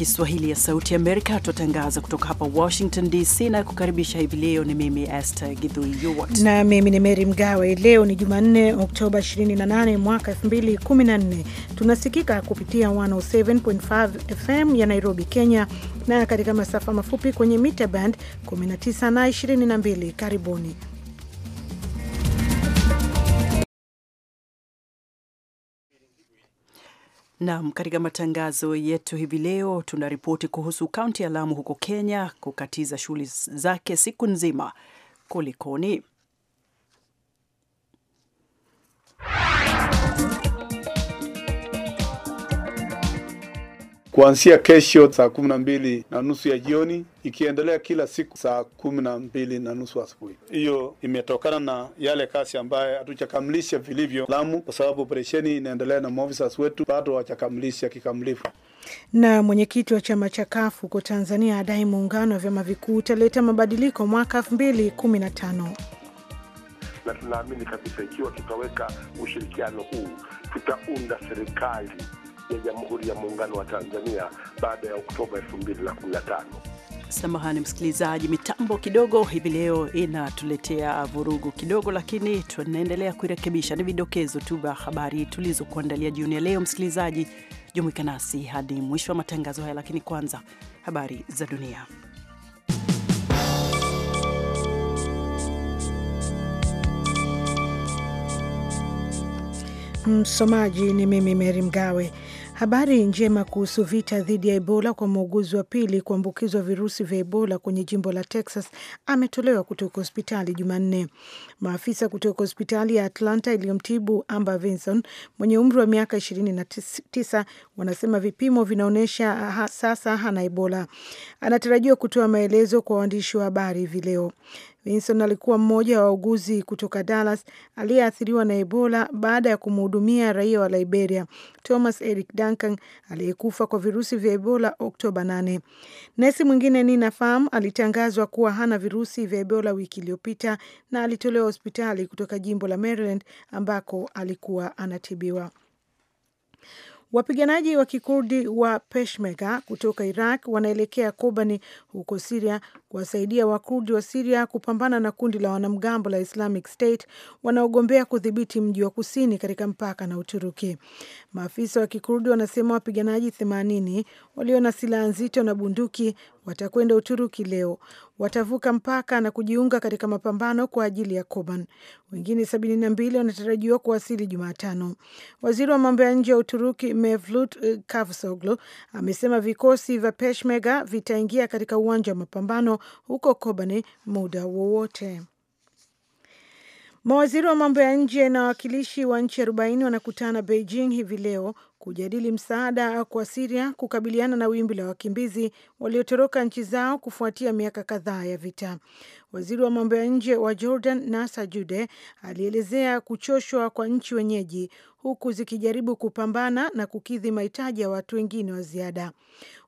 Kiswahili ya Sauti Amerika. Tutatangaza kutoka hapa Washington DC na kukaribisha hivi leo. Ni mimi Esther Githui na mimi ni Mary Mgawe. Leo ni Jumanne, Oktoba 28 mwaka 2014. Tunasikika kupitia 107.5 FM ya Nairobi, Kenya, na katika masafa mafupi kwenye mita band 19 na 22. Karibuni. Nam, katika matangazo yetu hivi leo tunaripoti kuhusu kaunti ya Lamu huko Kenya kukatiza shughuli zake siku nzima. Kulikoni? kuanzia kesho saa kumi na mbili na nusu ya jioni ikiendelea kila siku saa kumi na mbili na nusu asubuhi. Hiyo imetokana na yale kasi ambaye hatujakamilisha vilivyo Lamu, kwa sababu operesheni inaendelea na maofisas wetu bado hawajakamilisha kikamilifu. Na mwenyekiti wa chama cha Kafu huko Tanzania adai muungano wa vyama vikuu utaleta mabadiliko mwaka elfu mbili kumi na tano na tunaamini kabisa ikiwa tutaweka ushirikiano huu tutaunda serikali ya Jamhuri ya Muungano wa Tanzania baada ya Oktoba 2015. Samahani msikilizaji, mitambo kidogo hivi leo inatuletea vurugu kidogo, lakini tunaendelea kuirekebisha. Ni vidokezo tu vya habari tulizokuandalia jioni ya leo. Msikilizaji, jumuika nasi hadi mwisho wa matangazo haya, lakini kwanza habari za dunia. Msomaji ni mimi Meri Mgawe. Habari njema kuhusu vita dhidi ya Ebola kwa muuguzi wa pili kuambukizwa virusi vya Ebola kwenye jimbo la Texas ametolewa kutoka hospitali Jumanne. Maafisa kutoka hospitali ya Atlanta iliyomtibu Amber Vinson mwenye umri wa miaka 29 wanasema vipimo vinaonyesha sasa hana Ebola. Anatarajiwa kutoa maelezo kwa waandishi wa habari hivi leo. Vinson alikuwa mmoja wa wauguzi kutoka Dallas aliyeathiriwa na Ebola baada ya kumhudumia raia wa Liberia Thomas Eric Duncan aliyekufa kwa virusi vya Ebola Oktoba 8. Nesi mwingine Nina farm alitangazwa kuwa hana virusi vya Ebola wiki iliyopita na alitolewa hospitali kutoka jimbo la Maryland ambako alikuwa anatibiwa. Wapiganaji wa kikurdi wa Peshmerga kutoka Iraq wanaelekea Kobani huko Siria kuwasaidia Wakurdi wa Siria kupambana na kundi la wanamgambo la Islamic State wanaogombea kudhibiti mji wa kusini katika mpaka na Uturuki. Maafisa wa kikurdi wanasema wapiganaji 80 walio na silaha nzito na bunduki watakwenda Uturuki leo watavuka mpaka na kujiunga katika mapambano kwa ajili ya Koban. Wengine sabini na mbili wanatarajiwa kuwasili Jumatano. Waziri wa mambo ya nje ya Uturuki Mevlut Cavusoglu amesema vikosi vya Peshmerga vitaingia katika uwanja wa mapambano huko Kobani muda wowote. Mawaziri wa mambo ya nje na wawakilishi wa nchi arobaini wanakutana Beijing hivi leo kujadili msaada kwa Siria kukabiliana na wimbi la wakimbizi waliotoroka nchi zao kufuatia miaka kadhaa ya vita. Waziri wa mambo ya nje wa Jordan, nasa Jude, alielezea kuchoshwa kwa nchi wenyeji huku zikijaribu kupambana na kukidhi mahitaji ya watu wengine wa ziada.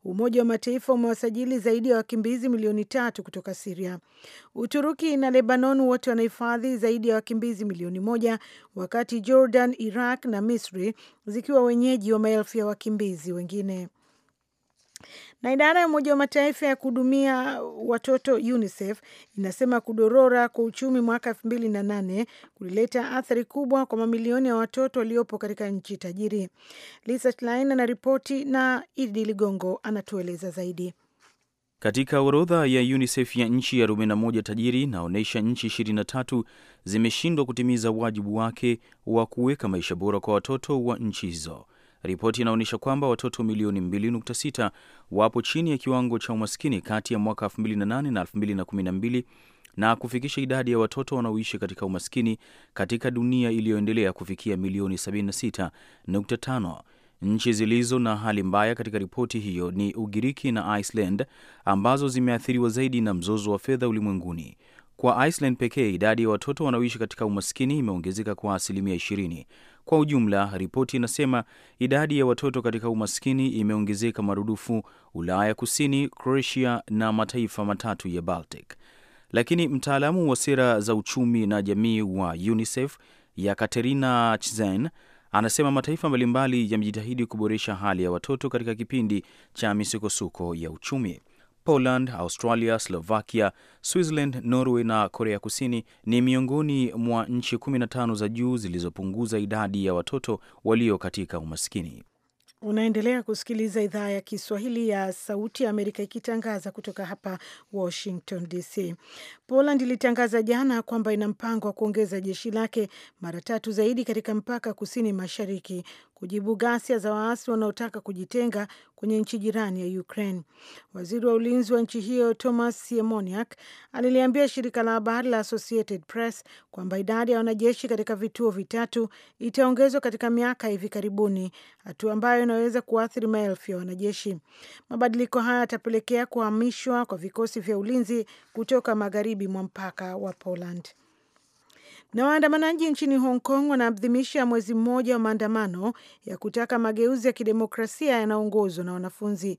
Umoja wa Mataifa umewasajili zaidi ya wakimbizi milioni tatu kutoka Siria. Uturuki na Lebanon wote wanahifadhi zaidi ya wakimbizi milioni moja, wakati Jordan, Iraq na Misri zikiwa wenyeji wenyeji wa maelfu ya wakimbizi wengine. Na idara ya Umoja wa Mataifa ya kuhudumia watoto UNICEF inasema kudorora kwa uchumi mwaka elfu mbili na nane kulileta athari kubwa kwa mamilioni ya watoto waliopo katika nchi tajiri. Lisa Schlein anaripoti na Idi Ligongo anatueleza zaidi. Katika orodha ya UNICEF ya nchi 41 tajiri naonyesha nchi 23 zimeshindwa kutimiza wajibu wake wa kuweka maisha bora kwa watoto wa nchi hizo. Ripoti inaonyesha kwamba watoto milioni 2.6 wapo chini ya kiwango cha umaskini kati ya mwaka 2008 na 2012 na kufikisha idadi ya watoto wanaoishi katika umaskini katika dunia iliyoendelea kufikia milioni 76.5. Nchi zilizo na hali mbaya katika ripoti hiyo ni Ugiriki na Iceland ambazo zimeathiriwa zaidi na mzozo wa fedha ulimwenguni. Kwa Iceland pekee idadi ya watoto wanaoishi katika umaskini imeongezeka kwa asilimia 20. Kwa ujumla, ripoti inasema idadi ya watoto katika umaskini imeongezeka marudufu Ulaya Kusini, Croatia na mataifa matatu ya Baltic. Lakini mtaalamu wa sera za uchumi na jamii wa UNICEF ya Katerina chzen anasema mataifa mbalimbali yamejitahidi kuboresha hali ya watoto katika kipindi cha misukosuko ya uchumi. Poland, Australia, Slovakia, Switzerland, Norway na Korea Kusini ni miongoni mwa nchi 15 za juu zilizopunguza idadi ya watoto walio katika umaskini. Unaendelea kusikiliza idhaa ya Kiswahili ya Sauti ya Amerika ikitangaza kutoka hapa Washington DC. Poland ilitangaza jana kwamba ina mpango wa kuongeza jeshi lake mara tatu zaidi katika mpaka kusini mashariki kujibu ghasia za waasi wanaotaka kujitenga kwenye nchi jirani ya Ukraine. Waziri wa ulinzi wa nchi hiyo Thomas Siemoniak aliliambia shirika la habari la Associated Press kwamba idadi ya wanajeshi katika vituo vitatu itaongezwa katika miaka hivi karibuni, hatua ambayo inaweza kuathiri maelfu ya wanajeshi. Mabadiliko haya yatapelekea kuhamishwa kwa vikosi vya ulinzi kutoka magharibi mwa mpaka wa Poland. Na waandamanaji nchini Hong Kong wanaadhimisha mwezi mmoja wa maandamano ya kutaka mageuzi ya kidemokrasia yanaongozwa na wanafunzi.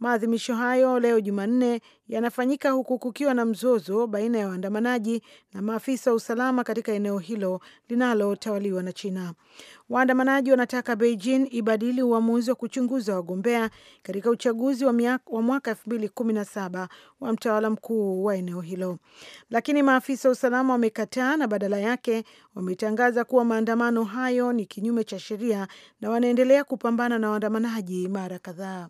Maadhimisho hayo leo Jumanne yanafanyika huku kukiwa na mzozo baina ya waandamanaji na maafisa wa usalama katika eneo hilo linalotawaliwa na China. Waandamanaji wanataka Beijing ibadili uamuzi wa kuchunguza wagombea katika uchaguzi wa, miak, wa mwaka saba wa mtawala mkuu wa eneo hilo, lakini maafisa wa usalama wamekataa na badala yake wametangaza kuwa maandamano hayo ni kinyume cha sheria na wanaendelea kupambana na waandamanaji mara kadhaa.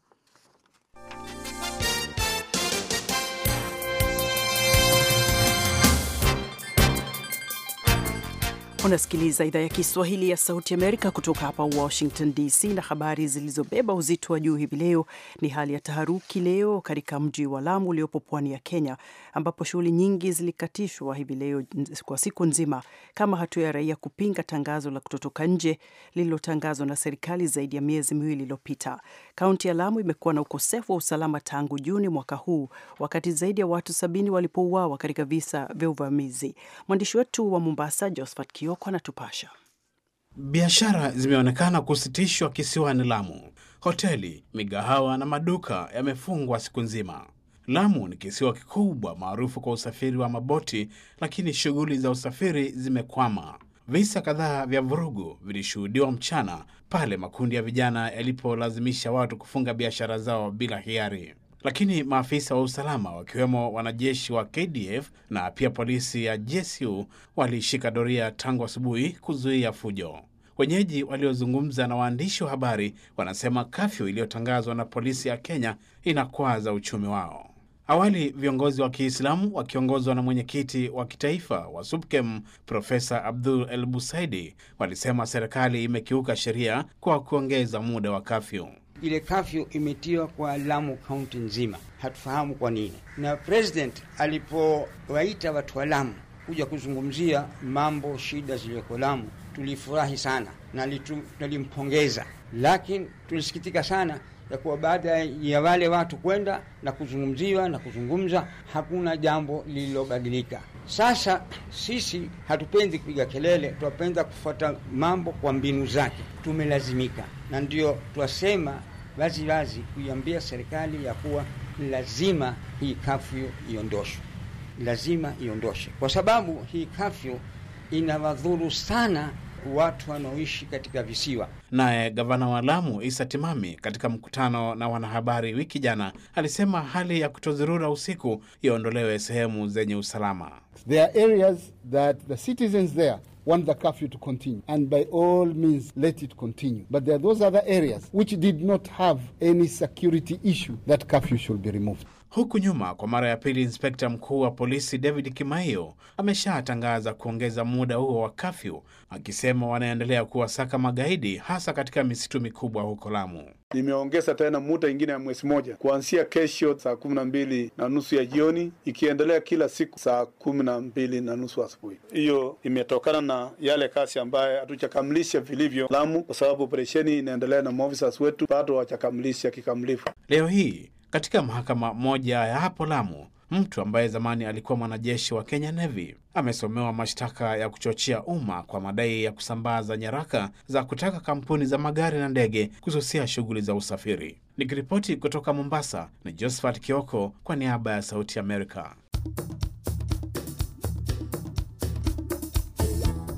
Unasikiliza idhaa ya Kiswahili ya Sauti Amerika kutoka hapa Washington DC, na habari zilizobeba uzito wa juu hivi leo ni hali ya taharuki leo katika mji wa Lamu uliopo pwani ya Kenya, ambapo shughuli nyingi zilikatishwa hivi leo kwa siku nzima kama hatua ya raia kupinga tangazo la kutotoka nje lililotangazwa na serikali zaidi ya miezi miwili iliyopita. Kaunti ya Lamu imekuwa na ukosefu wa usalama tangu Juni mwaka huu, wakati zaidi ya watu sabini walipouawa katika visa vya uvamizi. Mwandishi wetu wa Mombasa, Kio Mwakaloko anatupasha. Biashara zimeonekana kusitishwa kisiwani Lamu. Hoteli, migahawa na maduka yamefungwa siku nzima. Lamu ni kisiwa kikubwa maarufu kwa usafiri wa maboti, lakini shughuli za usafiri zimekwama. Visa kadhaa vya vurugu vilishuhudiwa mchana pale makundi ya vijana yalipolazimisha watu kufunga biashara zao bila hiari lakini maafisa wa usalama wakiwemo wanajeshi wa KDF na pia polisi ya jsu walishika doria tangu asubuhi kuzuia fujo. Wenyeji waliozungumza na waandishi wa habari wanasema kafyu iliyotangazwa na polisi ya Kenya inakwaza uchumi wao. Awali viongozi wa Kiislamu wakiongozwa na mwenyekiti wa kitaifa wa SUPKEM Profesa Abdul El Busaidi walisema serikali imekiuka sheria kwa kuongeza muda wa kafyu. Ile kafyu imetiwa kwa Lamu kaunti nzima, hatufahamu kwa nini. Na president alipowaita watu wa Lamu kuja kuzungumzia mambo shida zilizoko Lamu, tulifurahi sana na tulimpongeza, lakini tulisikitika sana ya kuwa baada ya wale watu kwenda na kuzungumziwa na kuzungumza, hakuna jambo lililobadilika. Sasa sisi hatupendi kupiga kelele, tunapenda kufuata mambo kwa mbinu zake. Tumelazimika, na ndio twasema waziwazi kuiambia serikali ya kuwa lazima hii kafyu iondoshwe, lazima iondoshe, kwa sababu hii kafyu inawadhuru sana watu wanaoishi katika visiwa. Naye gavana wa Lamu Isa Timami, katika mkutano na wanahabari wiki jana, alisema hali ya kutozurura usiku iondolewe sehemu zenye usalama. There are areas that the citizens there want the curfew to continue and by all means let it continue but there are those other areas which did not have any security issue that curfew should be removed. Huku nyuma kwa mara ya pili, inspekta mkuu wa polisi David Kimaiyo ameshatangaza kuongeza muda huo wa kafyu, akisema wanaendelea kuwasaka magaidi hasa katika misitu mikubwa huko Lamu. Nimeongeza tena muda ingine ya mwezi moja kuanzia kesho saa kumi na mbili na nusu ya jioni, ikiendelea kila siku saa kumi na mbili na nusu asubuhi. Hiyo imetokana na yale kasi ambaye hatujakamilisha vilivyo Lamu, kwa sababu operesheni inaendelea na maofisa wetu bado hawajakamilisha kikamilifu. Leo hii katika mahakama moja ya hapo Lamu. Mtu ambaye zamani alikuwa mwanajeshi wa Kenya Navy amesomewa mashtaka ya kuchochea umma kwa madai ya kusambaza nyaraka za kutaka kampuni za magari na ndege kususia shughuli za usafiri. Nikiripoti kutoka Mombasa ni Josephat Kioko kwa niaba ya Sauti Amerika.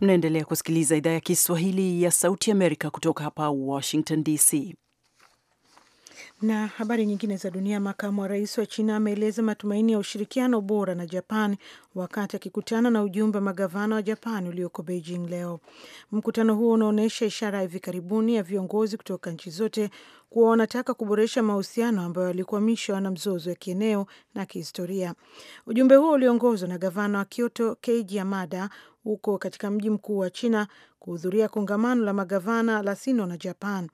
Mnaendelea kusikiliza idhaa ya Kiswahili ya Sauti Amerika kutoka hapa Washington DC. Na habari nyingine za dunia. Makamu wa rais wa China ameeleza matumaini ya ushirikiano bora na Japan wakati akikutana na ujumbe wa magavana wa Japan ulioko Beijing leo. Mkutano huo unaonyesha ishara ya hivi karibuni ya viongozi kutoka nchi zote kuwa wanataka kuboresha mahusiano ambayo yalikwamishwa na mzozo ya kieneo na kihistoria. Ujumbe huo uliongozwa na gavana wa Kyoto Keiji Yamada huko katika mji mkuu wa China kuhudhuria kongamano la magavana la Sino na Japan.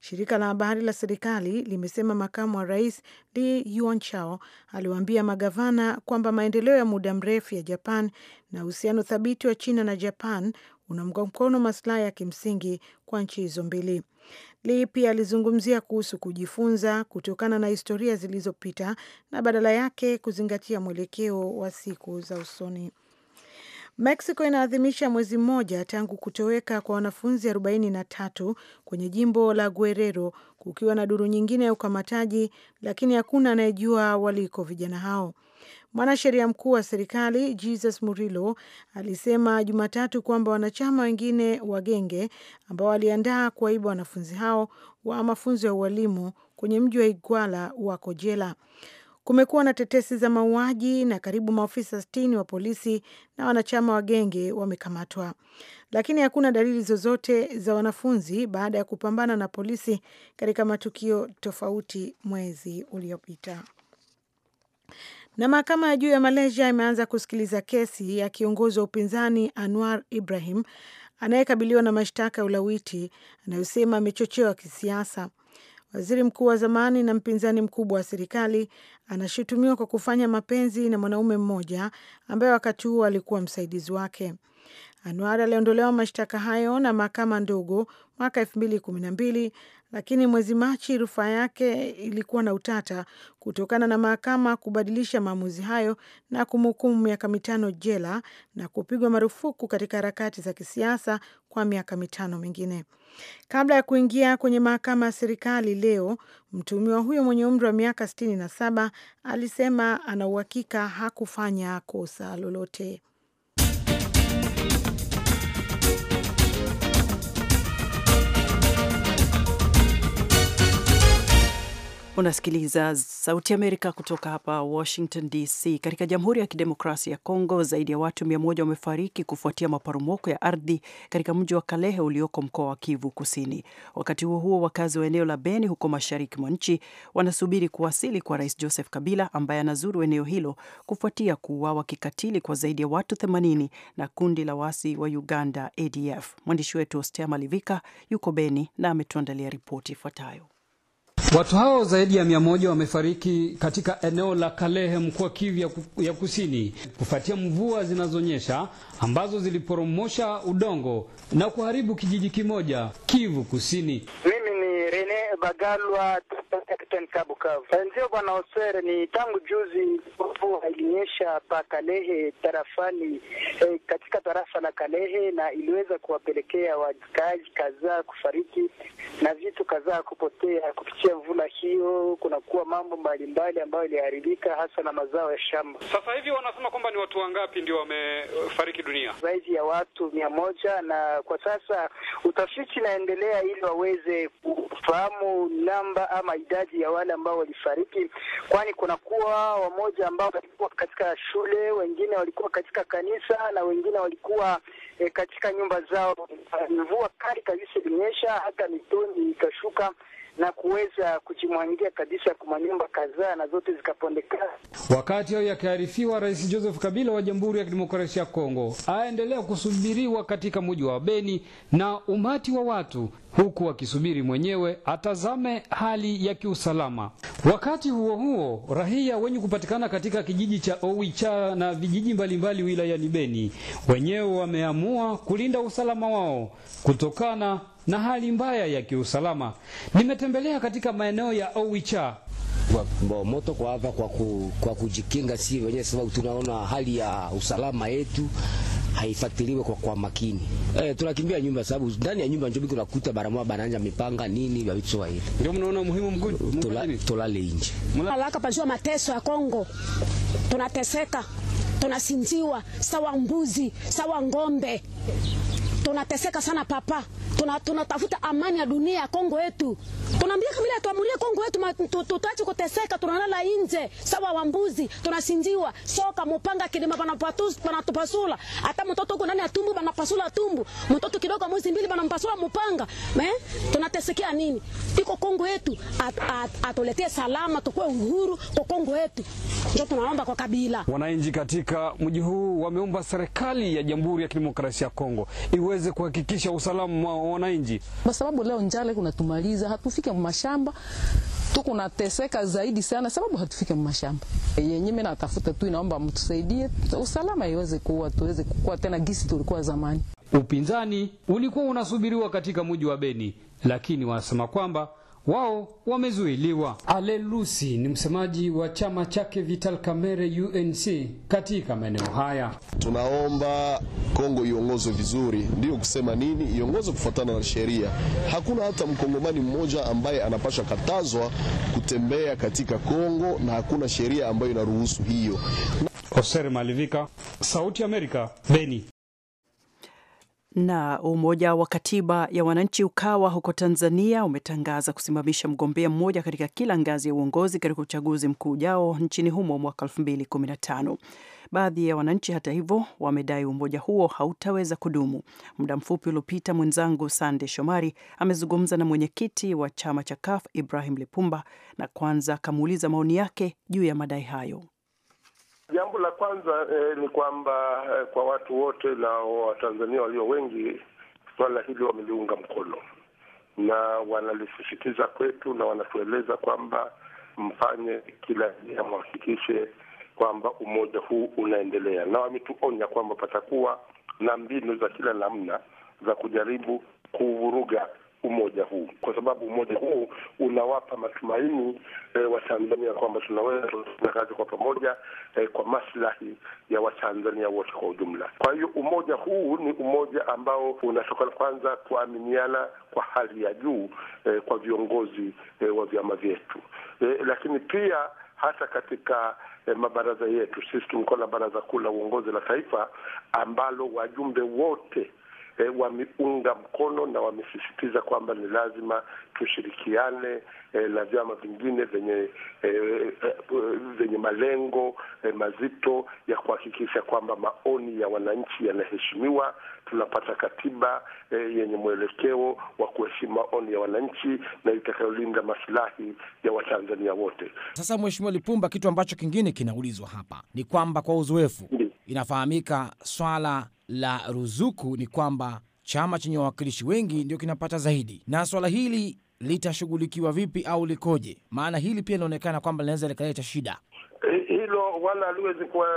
Shirika la habari la serikali limesema makamu wa rais Li Yuanchao aliwaambia magavana kwamba maendeleo ya muda mrefu ndefu ya Japan na uhusiano thabiti wa China na Japan unamga mkono masilahi ya kimsingi kwa nchi hizo mbili. Li pia alizungumzia kuhusu kujifunza kutokana na historia zilizopita na badala yake kuzingatia mwelekeo wa siku za usoni. Mexico inaadhimisha mwezi mmoja tangu kutoweka kwa wanafunzi 43 kwenye jimbo la Guerrero kukiwa na duru nyingine ya ukamataji, lakini hakuna anayejua waliko vijana hao. Mwanasheria mkuu wa serikali Jesus Murilo alisema Jumatatu kwamba wanachama wengine wa genge ambao waliandaa kuwaiba wanafunzi hao wa mafunzo ya ualimu kwenye mji wa igwala wako jela. Kumekuwa na tetesi za mauaji na karibu maofisa sitini wa polisi na wanachama wa genge wamekamatwa, lakini hakuna dalili zozote za wanafunzi baada ya kupambana na polisi katika matukio tofauti mwezi uliopita. Na mahakama ya juu ya Malaysia imeanza kusikiliza kesi ya kiongozi wa upinzani Anwar Ibrahim anayekabiliwa na mashtaka ya ulawiti anayosema amechochewa kisiasa. Waziri mkuu wa zamani na mpinzani mkubwa wa serikali anashutumiwa kwa kufanya mapenzi na mwanaume mmoja ambaye wakati huo alikuwa msaidizi wake. Anwar aliondolewa mashtaka hayo na mahakama ndogo mwaka elfu mbili kumi na mbili, lakini mwezi Machi rufaa yake ilikuwa na utata kutokana na mahakama kubadilisha maamuzi hayo na kumhukumu miaka mitano jela na kupigwa marufuku katika harakati za kisiasa kwa miaka mitano mingine. Kabla ya kuingia kwenye mahakama ya serikali leo, mtuhumiwa huyo mwenye umri wa miaka sitini na saba alisema ana uhakika hakufanya kosa lolote. Unasikiliza Sauti Amerika kutoka hapa Washington DC. Katika Jamhuri ya Kidemokrasia ya Kongo, zaidi ya watu mia moja wamefariki kufuatia maporomoko ya ardhi katika mji wa Kalehe ulioko mkoa wa Kivu Kusini. Wakati huo huo, wakazi wa eneo la Beni huko mashariki mwa nchi wanasubiri kuwasili kwa Rais Joseph Kabila ambaye anazuru eneo hilo kufuatia kuuawa kikatili kwa zaidi ya watu 80 na kundi la waasi wa Uganda, ADF. Mwandishi wetu Ostea Malivika yuko Beni na ametuandalia ripoti ifuatayo. Watu hao zaidi ya mia moja wamefariki katika eneo la Kalehe mkoa Kivu ya Kusini kufuatia mvua zinazonyesha ambazo ziliporomosha udongo na kuharibu kijiji kimoja Kivu Kusini. Mimi ni Rene Bagalwa NK Bukavu. Eh, ndio bwana Oswere, ni tangu juzi mvua ilinyesha pa Kalehe tarafani, eh, katika tarafa la Kalehe na iliweza kuwapelekea wakazi kadhaa kufariki na vitu kadhaa kupotea kupitia mvula hiyo. Kunakuwa mambo mbalimbali ambayo iliharibika hasa na mazao ya shamba. Sasa hivi wanasema kwamba ni watu wangapi ndio wamefariki dunia? Zaidi ya watu mia moja, na kwa sasa utafiti inaendelea ili waweze kufahamu namba ama idadi ya wale ambao walifariki, kwani kunakuwa wamoja ambao walikuwa katika shule, wengine walikuwa katika kanisa na wengine walikuwa e, katika nyumba zao. Mvua kali kabisa ilinyesha, hata mitoni ikashuka na kuweza kujimwangia kabisa kwa manyumba kadhaa na zote zikapondekana. Wakati hayo yakiarifiwa, Rais Joseph Kabila wa Jamhuri ya Kidemokrasia ya Kongo aendelea kusubiriwa katika mji wa Beni na umati wa watu, huku akisubiri mwenyewe atazame hali ya kiusalama. Wakati huo huo, raia wenye kupatikana katika kijiji cha Owicha na vijiji mbalimbali wilayani Beni wenyewe wameamua kulinda usalama wao kutokana na hali mbaya ya kiusalama. Nimetembelea katika maeneo ya Owicha kwa moto kwa hapa kwa, ku, kwa kujikinga si wenyewe, sababu tunaona hali ya usalama yetu haifuatiliwe kwa, kwa makini. Eh, tunakimbia nyumba sababu ndani ya nyumba ndio biko nakuta barama bananja mipanga nini ya vitu hivi. Ndio mnaona muhimu mkuu. Tulale tula nje. Alaka pajua mateso ya Kongo. Tunateseka. Tunasinziwa sawa mbuzi, sawa ng'ombe tunateseka sana papa, tunatafuta tuna amani ya dunia ya Kongo yetu. Tunaambia kabila tuamulie Kongo yetu, tutaache kuteseka, tunalala nje sawa wambuzi, tunasinjiwa soka mupanga kilima panatupasula, hata mtoto huko ndani ya tumbu banapasula tumbu, mtoto kidogo mwezi mbili banampasula mupanga eh? Tunatesekea nini? Iko Kongo yetu at, at, atuletee salama, tukue uhuru kwa Kongo yetu, ndio tunaomba kwa kabila. Wananchi katika mji huu wameomba serikali ya Jamhuri ya Kidemokrasia ya Kongo iwe tuweze kuhakikisha usalama wa wananchi, kwa sababu leo njale kunatumaliza, hatufike mashamba tuko nateseka zaidi sana, sababu hatufike mashamba yenye. Mimi natafuta tu, inaomba mtusaidie usalama iweze kuwa tuweze kukua tena gisi tulikuwa zamani. Upinzani ulikuwa unasubiriwa katika mji wa Beni, lakini wanasema kwamba wao wamezuiliwa. Ale Lusi ni msemaji wa chama chake Vital Kamerhe UNC katika maeneo haya. Tunaomba Kongo iongozwe vizuri, ndiyo kusema nini, iongozwe kufuatana na sheria. Hakuna hata mkongomani mmoja ambaye anapasha katazwa kutembea katika Kongo, na hakuna sheria ambayo inaruhusu hiyo. Oser Malivika, Sauti ya Amerika, Beni. Na umoja wa katiba ya wananchi Ukawa huko Tanzania umetangaza kusimamisha mgombea mmoja katika kila ngazi ya uongozi katika uchaguzi mkuu ujao nchini humo mwaka 2015. Baadhi ya wananchi, hata hivyo, wamedai umoja huo hautaweza kudumu. Muda mfupi uliopita, mwenzangu Sande Shomari amezungumza na mwenyekiti wa chama cha CUF Ibrahim Lipumba, na kwanza akamuuliza maoni yake juu ya madai hayo. Jambo la kwanza eh, ni kwamba eh, kwa watu wote na Watanzania walio wengi swala hili wameliunga mkono na wanalisisitiza kwetu na wanatueleza kwamba mfanye kila njia mwhakikishe kwamba umoja huu unaendelea, na wametuonya kwamba patakuwa na mbinu za kila namna za kujaribu kuvuruga umoja huu, kwa sababu umoja huu unawapa matumaini e, Watanzania kwamba tunaweza kufanya kazi kwa pamoja e, kwa maslahi ya Watanzania wote kwa ujumla. Kwa hiyo umoja huu ni umoja ambao unatokana kwanza kuaminiana kwa hali ya juu e, kwa viongozi e, wa vyama vyetu e, lakini pia hata katika eh, mabaraza yetu sisi tumekuwa na baraza kuu la uongozi la taifa ambalo wajumbe wote e, wameunga mkono na wamesisitiza kwamba ni lazima tushirikiane e, na vyama vingine vyenye e, vyenye malengo e, mazito ya kuhakikisha kwamba maoni ya wananchi yanaheshimiwa. Tunapata katiba e, yenye mwelekeo wa kuheshimu maoni ya wananchi na itakayolinda masilahi ya Watanzania wote. Sasa mweshimiwa Lipumba, kitu ambacho kingine kinaulizwa hapa ni kwamba kwa uzoefu, inafahamika swala la ruzuku ni kwamba chama chenye wawakilishi wengi ndio kinapata zaidi, na swala hili litashughulikiwa vipi au likoje? Maana hili pia linaonekana kwamba linaweza likaleta shida. Eh, hilo wala haliwezi kuwa,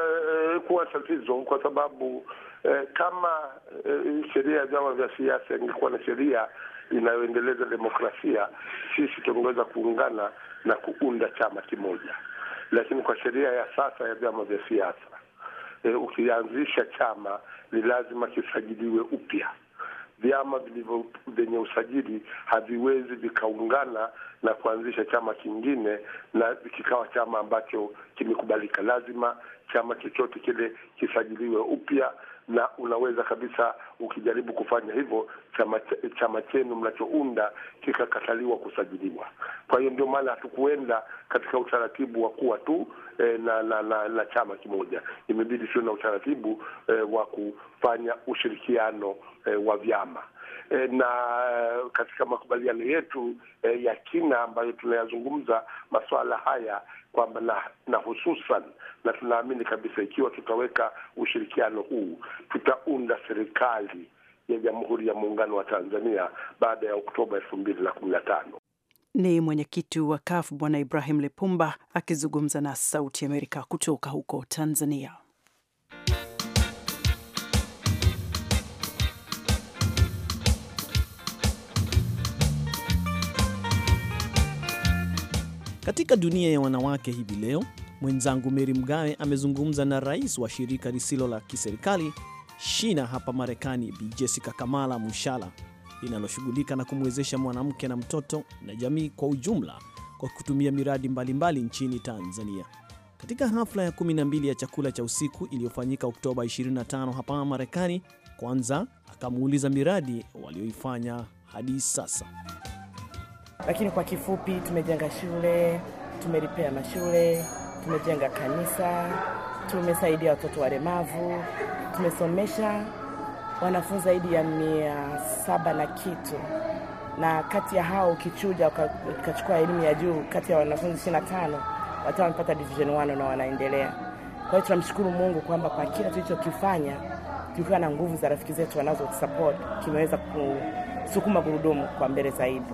eh, kuwa tatizo kwa sababu eh, kama eh, sheria ya vyama vya siasa ingekuwa na sheria inayoendeleza demokrasia, sisi tungeweza kuungana na kuunda chama kimoja, lakini kwa sheria ya sasa ya vyama vya siasa eh, ukianzisha chama ni lazima kisajiliwe upya. Vyama vilivyo vyenye usajili haviwezi vikaungana na kuanzisha chama kingine na kikawa chama ambacho kimekubalika. Lazima chama chochote kile kisajiliwe upya na unaweza kabisa, ukijaribu kufanya hivyo, chama chenu mnachounda kikakataliwa kusajiliwa. Kwa hiyo ndio maana hatukuenda katika utaratibu wa kuwa tu e, na, na, na, na chama kimoja, imebidi sio na utaratibu e, wa kufanya ushirikiano e, wa vyama. Eh, na eh, katika makubaliano yetu eh, ya kina ambayo tunayazungumza masuala haya kwamba na, na hususan na tunaamini kabisa ikiwa tutaweka ushirikiano huu tutaunda serikali ya Jamhuri ya Muungano wa Tanzania baada ya Oktoba elfu mbili na kumi na tano. Ni mwenyekiti wa kaf Bwana Ibrahim Lipumba akizungumza na Sauti Amerika kutoka huko Tanzania. Katika dunia ya wanawake hivi leo, mwenzangu Meri Mgawe amezungumza na rais wa shirika lisilo la kiserikali Shina hapa Marekani, Bi Jessica Kamala Mushala, linaloshughulika na kumwezesha mwanamke na mtoto na jamii kwa ujumla kwa kutumia miradi mbalimbali mbali nchini Tanzania. Katika hafla ya 12 ya chakula cha usiku iliyofanyika Oktoba 25 hapa Marekani, kwanza akamuuliza miradi walioifanya hadi sasa. Lakini kwa kifupi, tumejenga shule, tumeripea mashule, tumejenga kanisa, tumesaidia watoto walemavu, tumesomesha wanafunzi zaidi ya mia saba na kitu, na kati ya hao ukichuja ukachukua elimu ya juu, kati ya wanafunzi ishirini na tano watawa wamepata division wano na wanaendelea. Kwa hiyo tunamshukuru Mungu kwamba kwa kila tulichokifanya tukiwa na nguvu za rafiki zetu wanazotusupport kimeweza ku kusukuma gurudumu kwa mbele zaidi.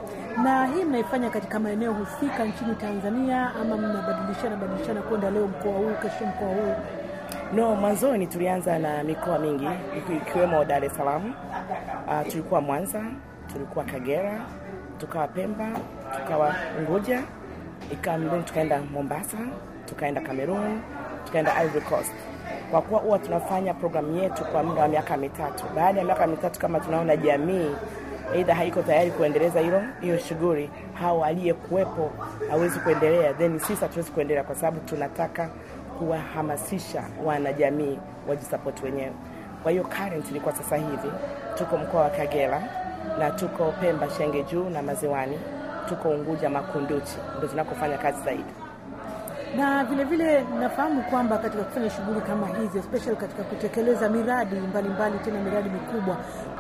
Na hii mnaifanya katika maeneo husika nchini Tanzania ama mnabadilishana badilishana kwenda leo mkoa huu, kesho mkoa huu? No, mwanzoni tulianza na mikoa mingi ikiwemo Dar es Salaam. Uh, tulikuwa Mwanza, tulikuwa Kagera, tukawa Pemba, tukawa Unguja, ikawa tukaenda Mombasa, tukaenda cameron tukaenda Ivory Coast kwa kuwa huwa tunafanya programu yetu kwa muda wa miaka mitatu. Baada ya miaka mitatu, kama tunaona jamii aidha haiko tayari kuendeleza hilo hiyo shughuli, au aliyekuwepo hawezi kuendelea, then sisi hatuwezi kuendelea, kwa sababu tunataka kuwahamasisha wanajamii wajisapoti wenyewe. Kwa hiyo currently, kwa sasa hivi tuko mkoa wa Kagera na tuko Pemba, Shenge Juu na Maziwani, tuko Unguja Makunduchi, ndio tunakofanya kazi zaidi na vilevile nafahamu kwamba katika kufanya shughuli kama hizi especially katika kutekeleza miradi mbalimbali mbali, tena miradi mikubwa,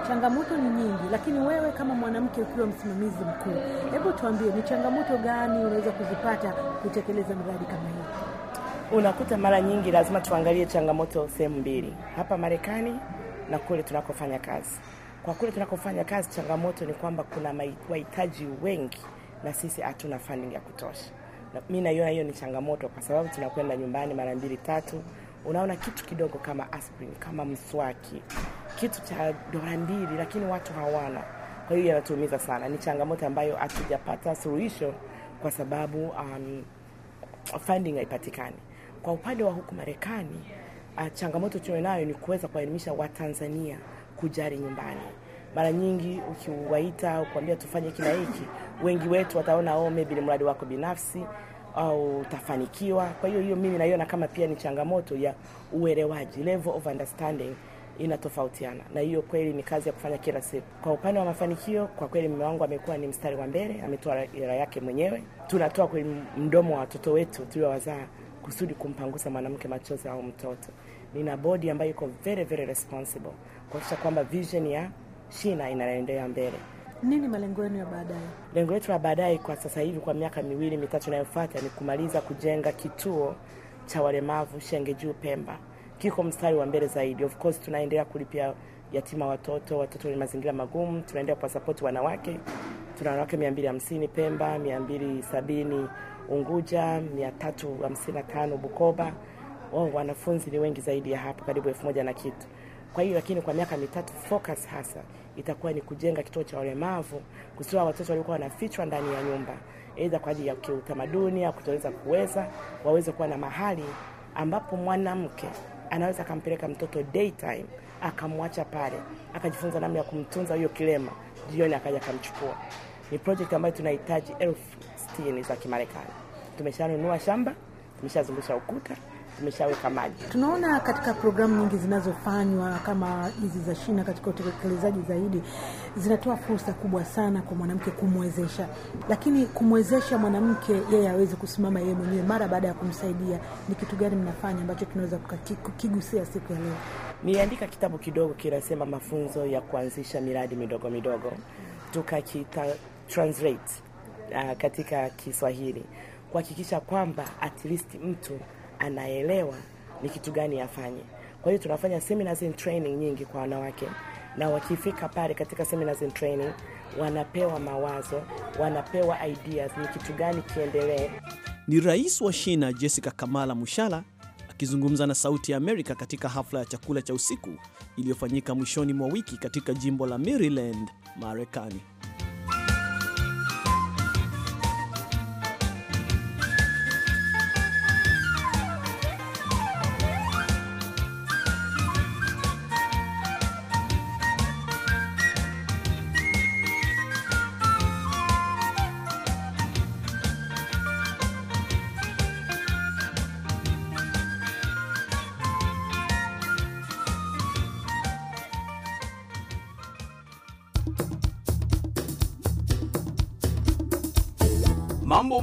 changamoto ni nyingi, lakini wewe kama mwanamke ukiwa msimamizi mkuu, hebu tuambie ni changamoto gani unaweza kuzipata kutekeleza miradi kama hii? Unakuta mara nyingi lazima tuangalie changamoto sehemu mbili, hapa Marekani na kule tunakofanya kazi. Kwa kule tunakofanya kazi, changamoto ni kwamba kuna wahitaji wengi na sisi hatuna funding ya kutosha Mi naiona hiyo ni changamoto, kwa sababu tunakwenda nyumbani mara mbili tatu, unaona kitu kidogo kama aspirin, kama mswaki, kitu cha dora mbili, lakini watu hawana. Kwa hiyo yanatuumiza sana, ni changamoto ambayo hatujapata suruhisho kwa sababu um, funding haipatikani. Kwa upande wa huku Marekani, uh, changamoto tunayo nayo ni kuweza kuwaelimisha Watanzania kujari nyumbani. Mara nyingi ukiwaita, ukuambia tufanye kila hiki wengi wetu wataona oh, maybe ni mradi wako binafsi au utafanikiwa. Kwa hiyo hiyo mimi naiona kama pia ni changamoto ya uelewaji, level of understanding inatofautiana, na hiyo kweli ni kazi ya kufanya kila siku. Kwa upande wa mafanikio, kwa kweli mume wangu amekuwa ni mstari wa mbele, ametoa hela yake mwenyewe, tunatoa kwenye mdomo wa watoto wetu tuliowazaa kusudi kumpangusa mwanamke machozi au mtoto. Nina bodi ambayo iko very very responsible kuhakikisha kwamba vision ya shina inaendelea mbele. Nini malengo yenu ya baadaye? Lengo letu la baadaye kwa sasa hivi, kwa miaka miwili mitatu inayofuata, ni kumaliza kujenga kituo cha walemavu Shenge Juu Pemba. Kiko mstari wa mbele zaidi. Of course tunaendelea kulipia yatima watoto, watoto wenye mazingira magumu, tunaendelea kuwasapoti wanawake. Tuna wanawake 250 Pemba, 270 Unguja, 355 Bukoba. Oh, wanafunzi ni wengi zaidi ya hapo, karibu elfu moja na kitu. Kwa hiyo lakini kwa miaka mitatu focus hasa itakuwa ni kujenga kituo cha walemavu, kusiwa watoto waliokuwa wanafichwa ndani ya nyumba, aidha kwa ajili ya kiutamaduni au kutoweza kuweza, waweze kuwa na mahali ambapo mwanamke anaweza akampeleka mtoto daytime, akamwacha pale, akajifunza namna ya kumtunza huyo kilema, jioni akaja akamchukua. Ni project ambayo tunahitaji elfu sitini za Kimarekani. Tumeshanunua shamba, tumeshazungusha ukuta tumeshaweka maji. Tunaona katika programu nyingi zinazofanywa kama hizi za shina katika utekelezaji zaidi zinatoa fursa kubwa sana kwa mwanamke kumwezesha, lakini kumwezesha mwanamke yeye aweze kusimama yeye mwenyewe mara baada ya kumsaidia, ni kitu gani mnafanya ambacho tunaweza kukigusia siku ya leo? Niliandika kitabu kidogo kinasema mafunzo ya kuanzisha miradi midogo midogo, tukakita translate uh, katika Kiswahili kuhakikisha kwamba at least mtu anaelewa ni kitu gani afanye. Kwa hiyo tunafanya seminars and training nyingi kwa wanawake, na wakifika pale katika seminars and training wanapewa mawazo, wanapewa ideas ni kitu gani kiendelee. Ni rais wa Shina Jessica Kamala Mushala akizungumza na Sauti ya Amerika katika hafla ya chakula cha usiku iliyofanyika mwishoni mwa wiki katika jimbo la Maryland, Marekani.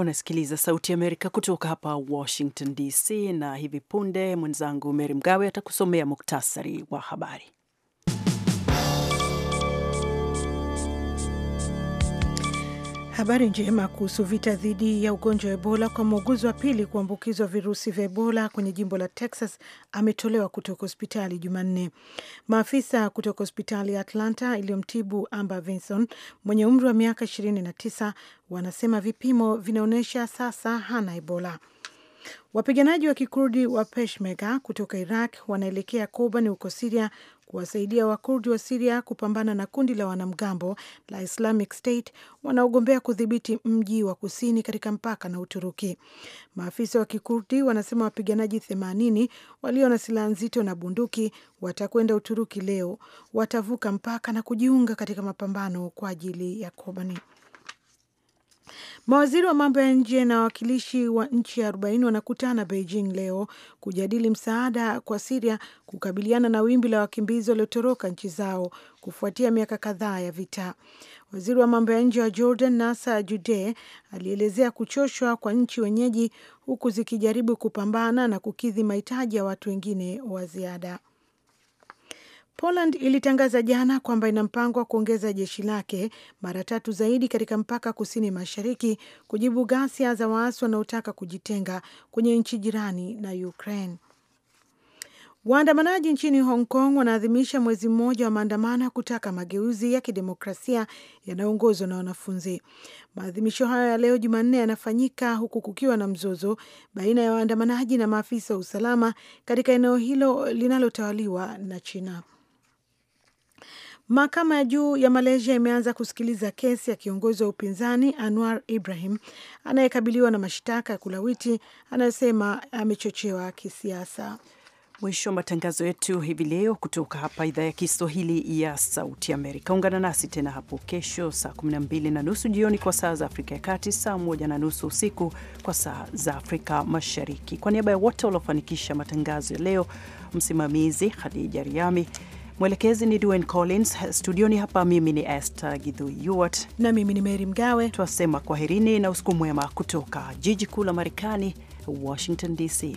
Unasikiliza Sauti ya Amerika kutoka hapa Washington DC, na hivi punde mwenzangu Meri Mgawe atakusomea muktasari wa habari. Habari njema kuhusu vita dhidi ya ugonjwa wa Ebola kwa muuguzi wa pili kuambukizwa virusi vya Ebola kwenye jimbo la Texas ametolewa kutoka hospitali Jumanne. Maafisa kutoka hospitali ya Atlanta iliyomtibu Amber Vinson mwenye umri wa miaka 29 wanasema vipimo vinaonyesha sasa hana Ebola. Wapiganaji wa kikurdi wa Peshmerga kutoka Iraq wanaelekea Kobani huko Siria kuwasaidia Wakurdi wa Siria kupambana na kundi la wanamgambo la Islamic State wanaogombea kudhibiti mji wa kusini katika mpaka na Uturuki. Maafisa wa kikurdi wanasema wapiganaji 80 walio na silaha nzito na bunduki watakwenda Uturuki leo, watavuka mpaka na kujiunga katika mapambano kwa ajili ya Kobani. Mawaziri wa mambo ya nje na wawakilishi wa nchi arobaini wanakutana Beijing leo kujadili msaada kwa Siria kukabiliana na wimbi la wakimbizi waliotoroka nchi zao kufuatia miaka kadhaa ya vita. Waziri wa mambo ya nje wa Jordan, Nasa jude alielezea kuchoshwa kwa nchi wenyeji huku zikijaribu kupambana na kukidhi mahitaji ya watu wengine wa ziada. Poland ilitangaza jana kwamba ina mpango wa kuongeza jeshi lake mara tatu zaidi katika mpaka kusini mashariki kujibu ghasia za waasi wanaotaka kujitenga kwenye nchi jirani na Ukraine. Waandamanaji nchini Hong Kong wanaadhimisha mwezi mmoja wa maandamano ya kutaka mageuzi ya kidemokrasia yanayoongozwa na wanafunzi. Maadhimisho hayo ya leo Jumanne yanafanyika huku kukiwa na mzozo baina ya waandamanaji na maafisa wa usalama katika eneo hilo linalotawaliwa na China. Mahakama ya juu ya Malaysia imeanza kusikiliza kesi ya kiongozi wa upinzani Anwar Ibrahim anayekabiliwa na mashtaka ya kulawiti anayosema amechochewa kisiasa. Mwisho wa matangazo yetu hivi leo kutoka hapa idhaa ya Kiswahili ya Sauti Amerika. Ungana nasi tena hapo kesho saa 12 na nusu jioni kwa saa za Afrika ya Kati, saa moja na nusu usiku kwa saa za Afrika Mashariki. Kwa niaba ya wote waliofanikisha matangazo ya leo, msimamizi hadija Riami, Mwelekezi ni Dwayne Collins, studioni hapa mimi ni Esther Githu na mimi ni Mary Mgawe. Twasema kwaherini na usiku mwema kutoka jiji kuu la Marekani, Washington DC.